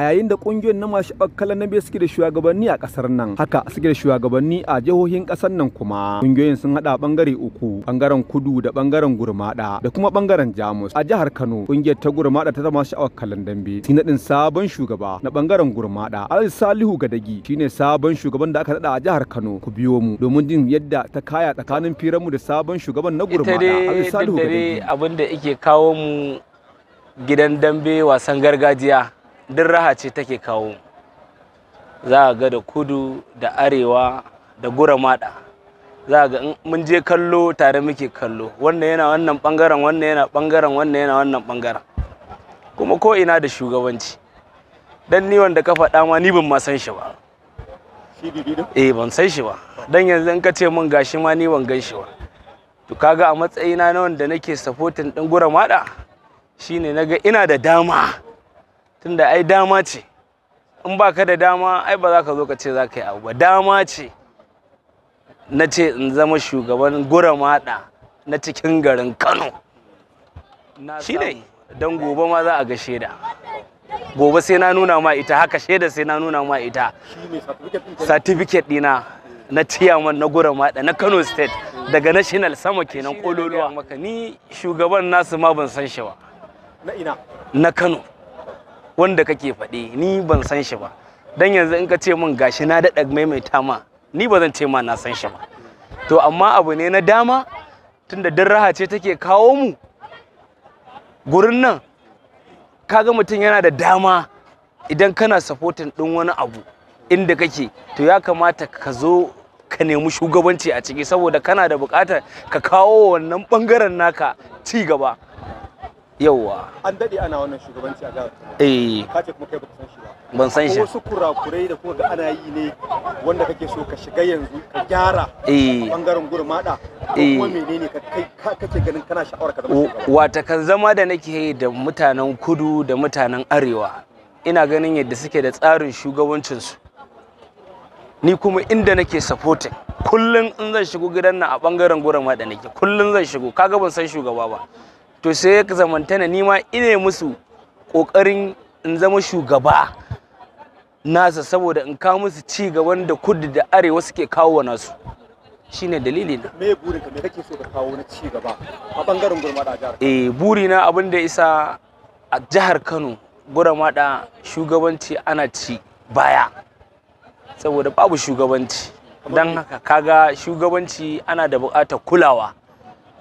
a yayin da kungiyoyin na masu bakkala na biyu suke da shugabanni a kasar nan haka suke da shugabanni a jihohin kasar nan kuma kungiyoyin sun hada bangare uku bangaren kudu da bangaren gurmada da kuma bangaren jamus a jihar kano kungiyar ta gurmada ta masu kallon dambe shi nadin sabon shugaba na bangaren gurmada al salihu gadagi shine sabon shugaban da aka nada a jihar kano ku biyo mu domin jin yadda ta kaya tsakanin firanmu da sabon shugaban na gurmada al salihu gadagi abinda yake kawo mu gidan dambe wasan gargajiya duk raha ce take kawo za ga da kudu da arewa da gura mada za ga mun je kallo tare muke kallo wannan yana wannan bangaren wannan yana bangaren wannan yana wannan bangaren kuma ko ina da shugabanci dan ni wanda ka faɗa ma ni ban ma san shi ba eh ban san shi ba dan yanzu in ka ce min gashi ma ni ban gan shi ba to kaga a matsayina na wanda nake supporting din mada shine naga ina da dama tunda ai dama ce in ba ka da dama ai ba za ka zo ka ce za ka yi abu ba dama ce na ce in zama shugaban gura mada na cikin garin kano shi ne don gobe ma za a ga shaida gobe sai na nuna ma ita haka shaida sai na nuna ma ita certificate dina na ciyaman na gura mada na kano state daga national sama kenan kololuwa maka ni shugaban nasu ma ban san shi ba na kano wanda kake faɗi ni ban san shi ba dan yanzu in ka ce min gashi na daɗa maimaita ma ni ba zan ce ma na san shi ba to amma abu ne na dama tunda dan raha ce take kawo mu gurin nan kaga mutum yana da dama idan kana supporting ɗin wani abu inda kake to ya kamata ka zo ka nemi shugabanci a ciki saboda kana da bukatar ka kawo wannan bangaren naka ci gaba yauwa an dade ana wannan shugabanci a jihar eh kace kuma kai baka san shi ba ban san shi wasu kurakurai da kuma ga ana yi ne wanda kake so ka shiga yanzu ka gyara eh bangaren mada eh kuma menene ka kai kake ganin kana sha'awar ka zama wata kan zama da nake da mutanen kudu da mutanen arewa ina ganin yadda suke da tsarin shugabancinsu ni kuma inda nake supporting kullum in zan shigo gidan nan a bangaren mada nake kullum zan shigo kaga ban san shugaba ba to sai ya zamantana ni ma ine musu ƙoƙarin in zama shugaba nasa saboda in kawo musu ci gaban da kudu da arewa suke kawo wa nasu shine dalili na me burin ka me kake so ka kawo na ci gaba a bangaren gurmada jihar eh buri na abin da isa a jihar Kano gurmada shugabanci ana ci baya saboda babu shugabanci don haka kaga shugabanci ana da buƙatar kulawa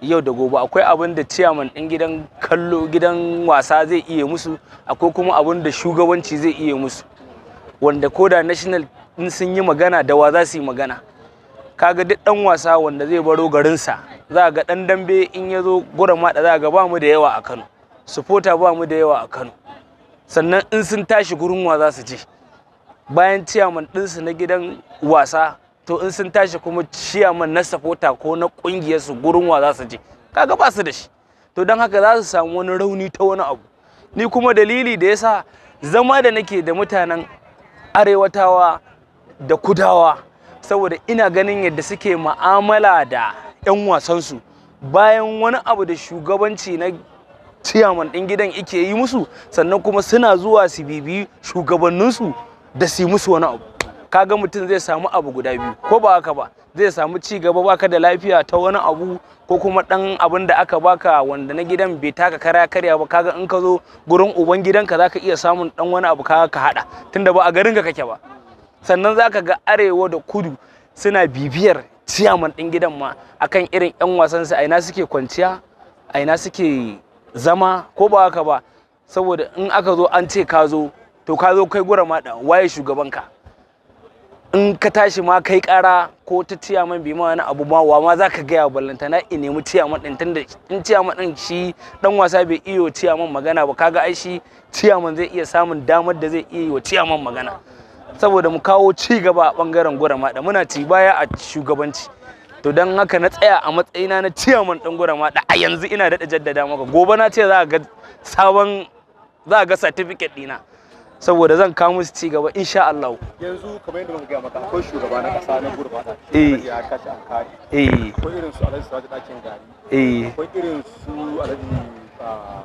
yau da gobe akwai abin da ciyaman ɗin gidan kallo gidan wasa zai iya musu akwai kuma abin da shugabanci zai iya musu wanda Koda national in sun yi magana da wa za su yi magana kaga duk ɗan wasa wanda zai baro garinsa za ga ɗan dambe in ya zo gwaramada maɗa za ga ba mu da yawa a kano supporter ba mu da yawa a kano sannan in sun tashi gurin wa za su je bayan ciyaman ɗinsu na gidan wasa to in sun tashi kuma ciyaman na sapota ko na kungiyar su gurin wa za su je kaga ba su da shi to dan haka za su samu wani rauni ta wani abu ni kuma dalili da yasa zama da nake da mutanen arewatawa da kudawa saboda ina ganin yadda suke ma'amala da 'yan wasansu bayan wani abu da shugabanci na ciyaman ɗin gidan ike yi musu sannan kuma suna zuwa su bibi shugabanninsu da su yi musu wani abu kaga mutum zai samu abu guda biyu ko ba haka ba zai samu ci gaba baka da lafiya ta wani abu ko kuma dan abin da aka baka wanda na gidan bai taka kara karya ba kaga in ka zo gurin uban gidanka zaka iya samun dan wani abu kaga ka hada tunda ba a garin ka kake ba sannan zaka ga arewa da kudu suna bibiyar ciyaman din gidan ma akan irin yan wasan su aina suke kwanciya aina suke zama ko ba haka ba saboda in aka zo an ce ka zo to ka zo kai gura ma waye ka?" in ka tashi ma kai kara ko ta ciyaman bai ma wani abu ma wa ma za ka gaya ballanta na in nemi man din tunda in man din shi dan wasa bai iyo ciyaman magana ba kaga ai shi ciyaman zai iya samun damar da zai iyo ciyaman magana saboda mu kawo ci gaba a bangaren gurama da muna ci baya a shugabanci to don haka na tsaya a matsayina na ciyaman dan gurama da a yanzu ina da jaddada maka gobe na ce za ga sabon za ga certificate dina saboda zan kawo musu ci gaba insha Allah yanzu kamar yadda muka ga maka akwai shugaba na kasa na gurbata eh ya kashi an kare eh akwai irin su Alhaji eh. Sadiq Dakin Gari eh akwai irin su Alhaji ah,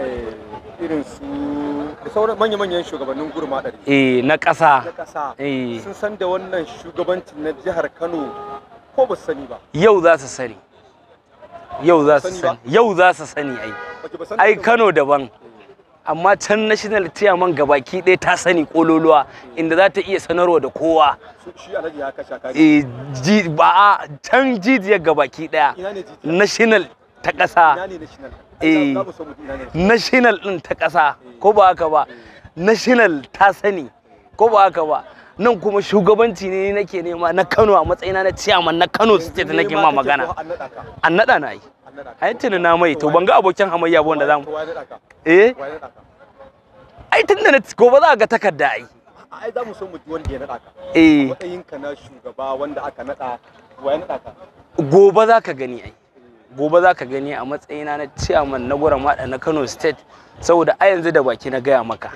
eh irin su da sauran manya-manyan shugabannin gurma eh na ƙasa na kasa eh sun san da wannan shugabancin na jihar Kano ko ba su sani ba yau za su sani yau za su sani yau za su sani ai ai Kano daban amma can national chairman gabaki ɗaya ta sani kololuwa inda za ta iya sanarwa da kowa eh, ba a can jijiyar gabaki ɗaya national ta ƙasa eh, national ɗin ta ƙasa eh. ko ba haka ba national ta sani ko ba haka ba nan kuma shugabanci ne nake nema na kano a matsayina na chairman na kano state nake ma magana an naɗa na yi ai tuni na mai to ban ga abokin hamayya ba wanda zamu eh ai tun da na gobe za ga takarda ai ai za mu so mu ji wanda ya nada ka eh matsayin ka na shugaba wanda aka nada wa ya naɗa ka gobe za ka gani ai gobe za ka gani a matsayina na chairman na gura mada na Kano state saboda a yanzu da baki na gaya maka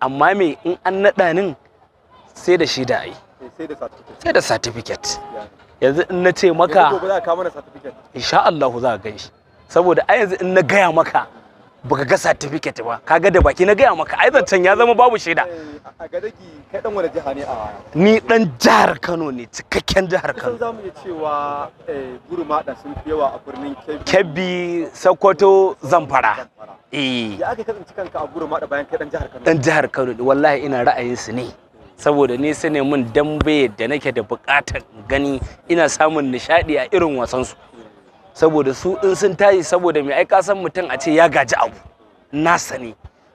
amma me in an nada nin sai da shi da ai eh, sai da certificate yanzu in na ce maka insha Allah za ka ganshi saboda ai yanzu in na gaya maka baka ga certificate ba kaga da baki na gaya maka ai zancen ya zama babu shaida a gadagi kai dan wani jiha ne a ni dan jihar Kano ne cikakken jihar Kano za mu iya cewa eh, guruma da sun fi yawa a birnin Kebbi Kebbi Sokoto Zamfara eh ya aka kasance kanka a guruma da bayan kai dan jihar Kano dan jihar Kano wallahi ina ra'ayin su ne saboda ne su ne mun dambe da nake da buƙatar gani ina samun nishaɗi a irin wasansu saboda su in sun tayi saboda mai aika san mutum a ce ya gaji abu na sani,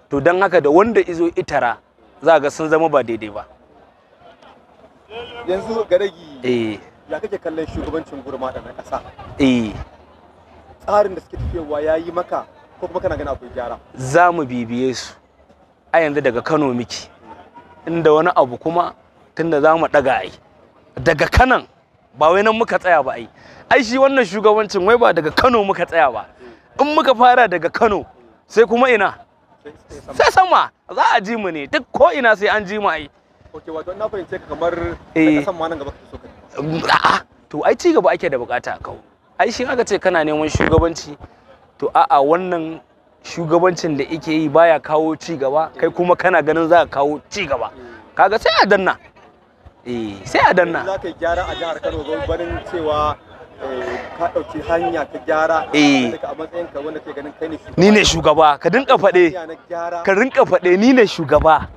to don haka da wanda izo itara za ga sun zama ba daidai ba yanzu garagi eh. ya kake kallon shugabancin gurma da na ƙasa eh. tsarin da suke tafiyawa ya yi maka ko kuma kana gana akwai gyara za mu bibiye su a yanzu daga kano miki inda wani abu kuma tunda za mu ɗaga ai daga kanan ba wai nan muka tsaya ba ai ai shi wannan shugabancin wai ba daga kano muka tsaya ba in muka fara daga kano sai kuma ina sai sama za a ji mu ne duk ko ina sai an ji mu ai ok wato na ka kamar eh. ma nan gaba so ka a'a to ai ci gaba ake da bukata kawai ai shi aka ce kana neman shugabanci to a'a wannan shugabancin da yake yi baya kawo ci gaba kai kuma kana ganin za ka kawo ci gaba kaga sai a danna eh sai a danna za ka gyara a jihar Kano barin cewa eh, ka dauki hanya ka gyara eh. a matsayin ka wanda ke ganin kai ne shugaba ni ne shugaba ka dinka fade ka rinka fade ni ne shugaba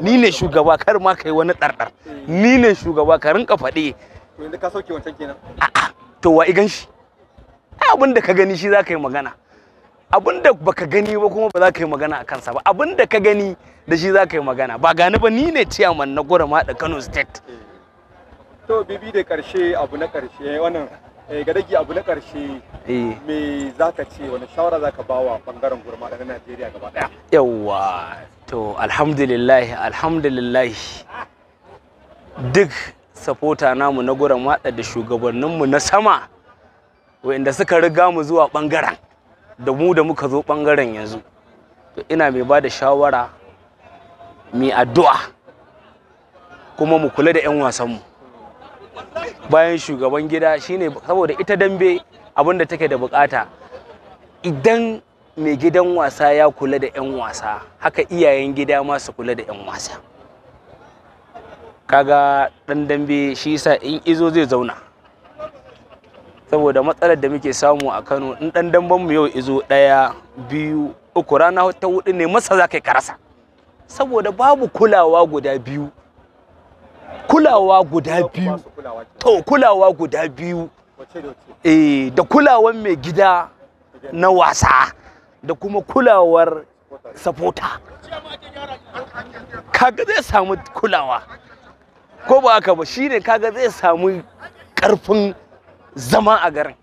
ni ne shugaba kar ma kai wani dardar eh. ni ne shugaba ka rinka fade to yanzu ka sauke wancan kenan a'a to wa igan shi abin da ka gani shi za ka yi magana abin da baka gani ba kuma ba za ka yi magana a kansa ba abin da ka gani da shi za ka yi magana ba gani ba ni ne ciyaman na gora da kano state eh, to bibi da karshe abu na karshe eh, wannan eh, gadagi abu na karshe me za ka ce wani shawara za ka bawa bangaren gurma da najeriya gaba daya yawa to alhamdulillah alhamdulillah duk sapota namu na gora da shugabanninmu na sama wa'inda suka riga mu zuwa bangaren da mu da muka zo ɓangaren yanzu ina mai ba da shawara mai addu'a kuma mu kula da 'yan wasanmu bayan shugaban gida shine saboda ita dambe abin da take da bukata idan mai gidan wasa ya kula da 'yan wasa haka iyayen gida ma su kula da 'yan wasa kaga ɗan dambe shi yasa in izo zai zauna saboda matsalar da muke samu a kano in dan damban mu yau izo ɗaya biyu uku rana ta hudu ne masa za ka yi karasa saboda babu kulawa guda biyu kulawa guda biyu to kulawa guda biyu eh da kulawan mai gida na wasa da kuma kulawar sapota kaga zai samu kulawa ko ba haka ba shine kaga zai samu karfin zama a garin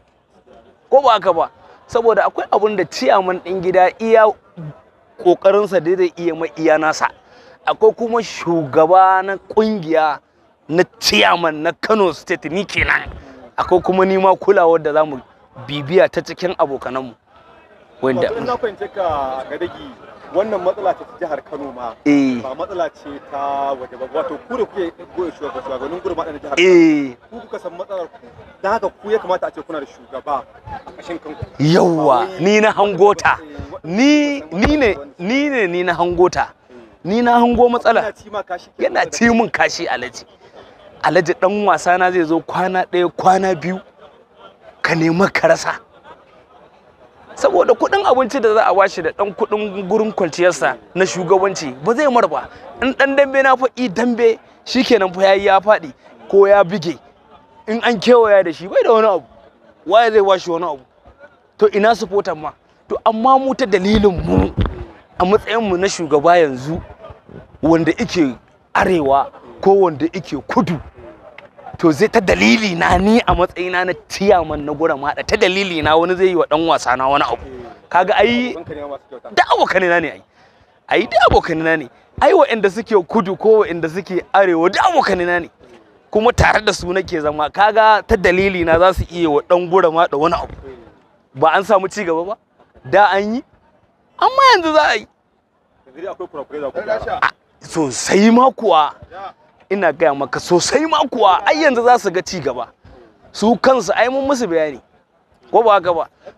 ko ba haka ba saboda akwai abun da ciyaman ɗin gida iya ƙoƙarinsa da iya mai iya nasa akwai kuma shugaba na ƙungiya na ciyaman na kano state ni kenan akwai kuma nima kulawar da za mu bibiya ta cikin abokananmu wanda wannan matsala ta jihar Kano ma eh. ba matsala ce ta waje ba wato ku da kuke goye shugaba shugabannin gurma da jihar Kano eh. ku kuka san matsalar ku dan haka ku ya kamata a ce kuna da shugaba a kashin kanku yawa ni na hangota ni ni ne ni ne ni na hangota ni na hango matsala yana ci min kashi alaji alaji dan wasa na zai zo kwana ɗaya kwana biyu ka nema ka rasa saboda kudin abinci da za a washe da dan kudin gurin kwanciyarsa na shugabanci ba zai mar ba in dan dambe na faɗi dambe shikenan fa yayi ya faɗi ko ya bige in an kewaya da shi bai da wani abu waye zai washe wani abu to ina supporter ma to amma mu ta dalilin mu a matsayin mu na shugaba yanzu wanda yake arewa ko wanda ike kudu to zai ta dalili na ni a matsayina na ciyaman na gura maɗa, ta dalili na wani zai yi wa dan wasa na wani abu kaga ai da abokan na ne ai ai da abokan na ne ai waɗanda suke kudu ko waɗanda suke arewa da abokan na ne kuma tare da su nake zama kaga ta dalili na za su iya wa dan gura maɗa wani abu ba an samu ci gaba ba da an yi amma yanzu za a yi sosai ma kuwa ina gaya maka sosai ma kuwa ai yanzu za su ga ci gaba su kansu ai mun musu bayani ko ba haka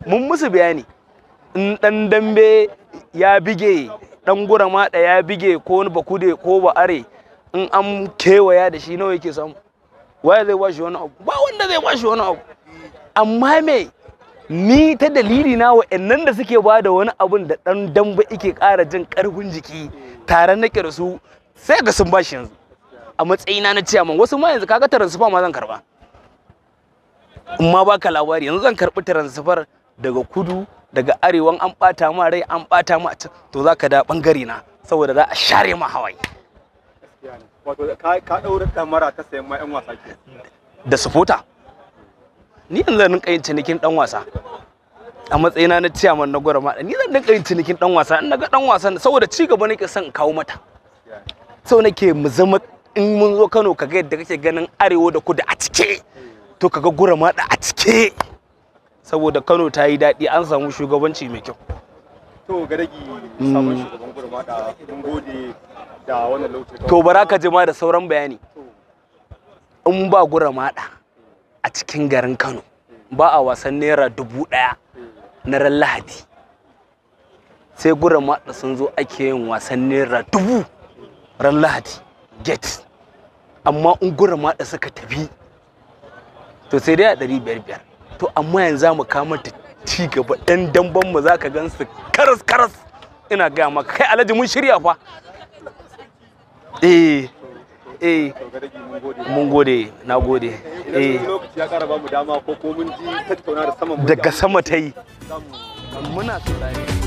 mun musu bayani in dan dambe ya bige dan gura da ya bige ko wani bakude ko ba are in an kewaya da shi nawa yake samu waye zai bashi wani abu ba wanda zai bashi wani abu amma me ni ta dalili na wa'annan da suke ba da wani abun da dan dambe yake ƙara jin ƙarfin jiki tare na da sai ga sun bashi yanzu a matsayina na ciyaman wasu ma yanzu kaga transfer ma zan karba in ma baka labari yanzu zan karbi transfer daga kudu daga arewan an bata ma rai an bata ma to zaka da bangare na saboda za a share ma hawaye wato ka daura ta sayan ma yan wasa ke da supporter ni yanzu nan rinka yin cinikin dan wasa a matsayina na ciyaman na ma ni zan dinka yin cinikin dan wasa in naga dan wasan saboda ci gaba nake son kawo mata sau nake mu zama in mun zo Kano kaga yadda kake ganin arewa da kudu a cike to kaga gura maɗa a cike saboda Kano ta yi daɗi an samu shugabanci mai kyau to ga dagi mm. samun shugaban gura maɗa mun gode da wannan lokaci to bara jima da sauran bayani in ba gura maɗa a cikin garin Kano ba a wasan naira dubu ɗaya na ran Lahadi sai gura maɗa sun zo ake yin wasan naira dubu ran Lahadi gate amma gura ma da suka tafi to sai dai a ɗari biyar biyar to amma yanzu mu kama ta ci gaba ɗan damban mu za ka gan su karas karas ina gaya maka kai alhaji mun shirya fa eh eh mun gode na gode eh daga sama ta yi muna tsaye